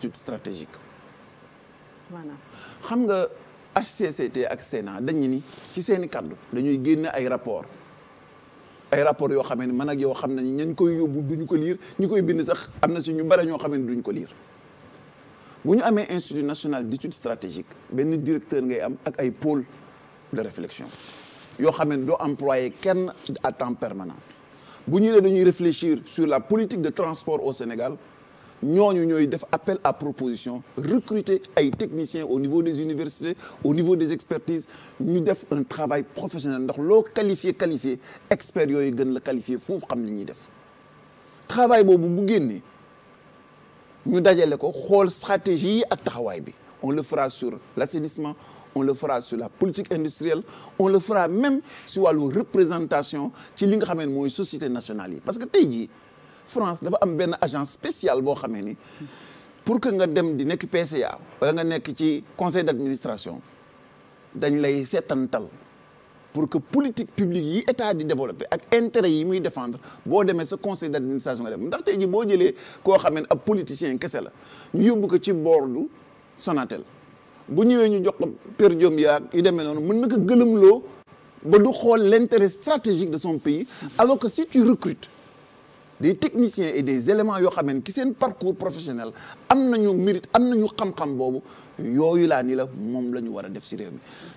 étude stratégique. xam nga HCCT ak Sénat dañuy ni ci seeni kàddu dañuy génne ay rapport ay rapport yoo xam ne man ak yow xam nañ ñañ koy yóbbu duñu ko liir ñu koy bind sax am na si ñu bare ñoo xam ne duñu ko liir bu ñu amee institut national d'étude stratégique benn directeur ngay am ak ay pôle de réflexion yoo xam ne doo employé kenn à temps permanent bu ñu nee dañuy réfléchir sur la politique de transport au Sénégal ñooñu ñooy def appel à proposition recruter ay techniciens au niveau des universités au niveau des expertises ñu def un travail professionnel ndox loo qualifié qualifié expert yooyu gën la qualifié foofu xam li ñuy def travail boobu bu génnee ñu dajale ko xool stratégie yi ak taxawaay bi on le fera sur l'assainissement on le fera sur la politique industrielle on le fera même sur wàllu représentation ci li nga xam mooy société nationale yi parce que tey jii France dafa am benn agence spéciale boo xamee ni pour que nga dem di nekk PCA wala nga nekk ci conseil d'administration dañ lay seetantal pour que politique publique yi état di développer ak intérêt yi muy défendre boo demee sa conseil d'administration nga dem ndax tey ji boo jëlee koo xamee ne ab politicien kese la ñu yóbbu ko ci boordu Sonatel bu ñëwee ñu jox ko per diem yaa yu demee noonu mën na ko gëlëmloo ba du xool l'intérêt stratégique de son pays alors que si tu recrutes des technicien et des éléments yoo xam ne ki seen parcours professionnel am nañu mérite am nañu xam-xam boobu yooyu laa ni la moom la ñu war a def si réew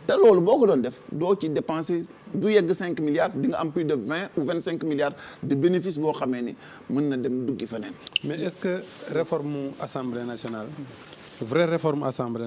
te loolu boo ko doon def doo ci dépenser du yegg cinq milliards di nga am plus de vingt vingt cinq milliards de bénéfice boo xamee ni mën na dem duggi feneen mais est-ce que réforme assemblée nationale vraie réforme assemblée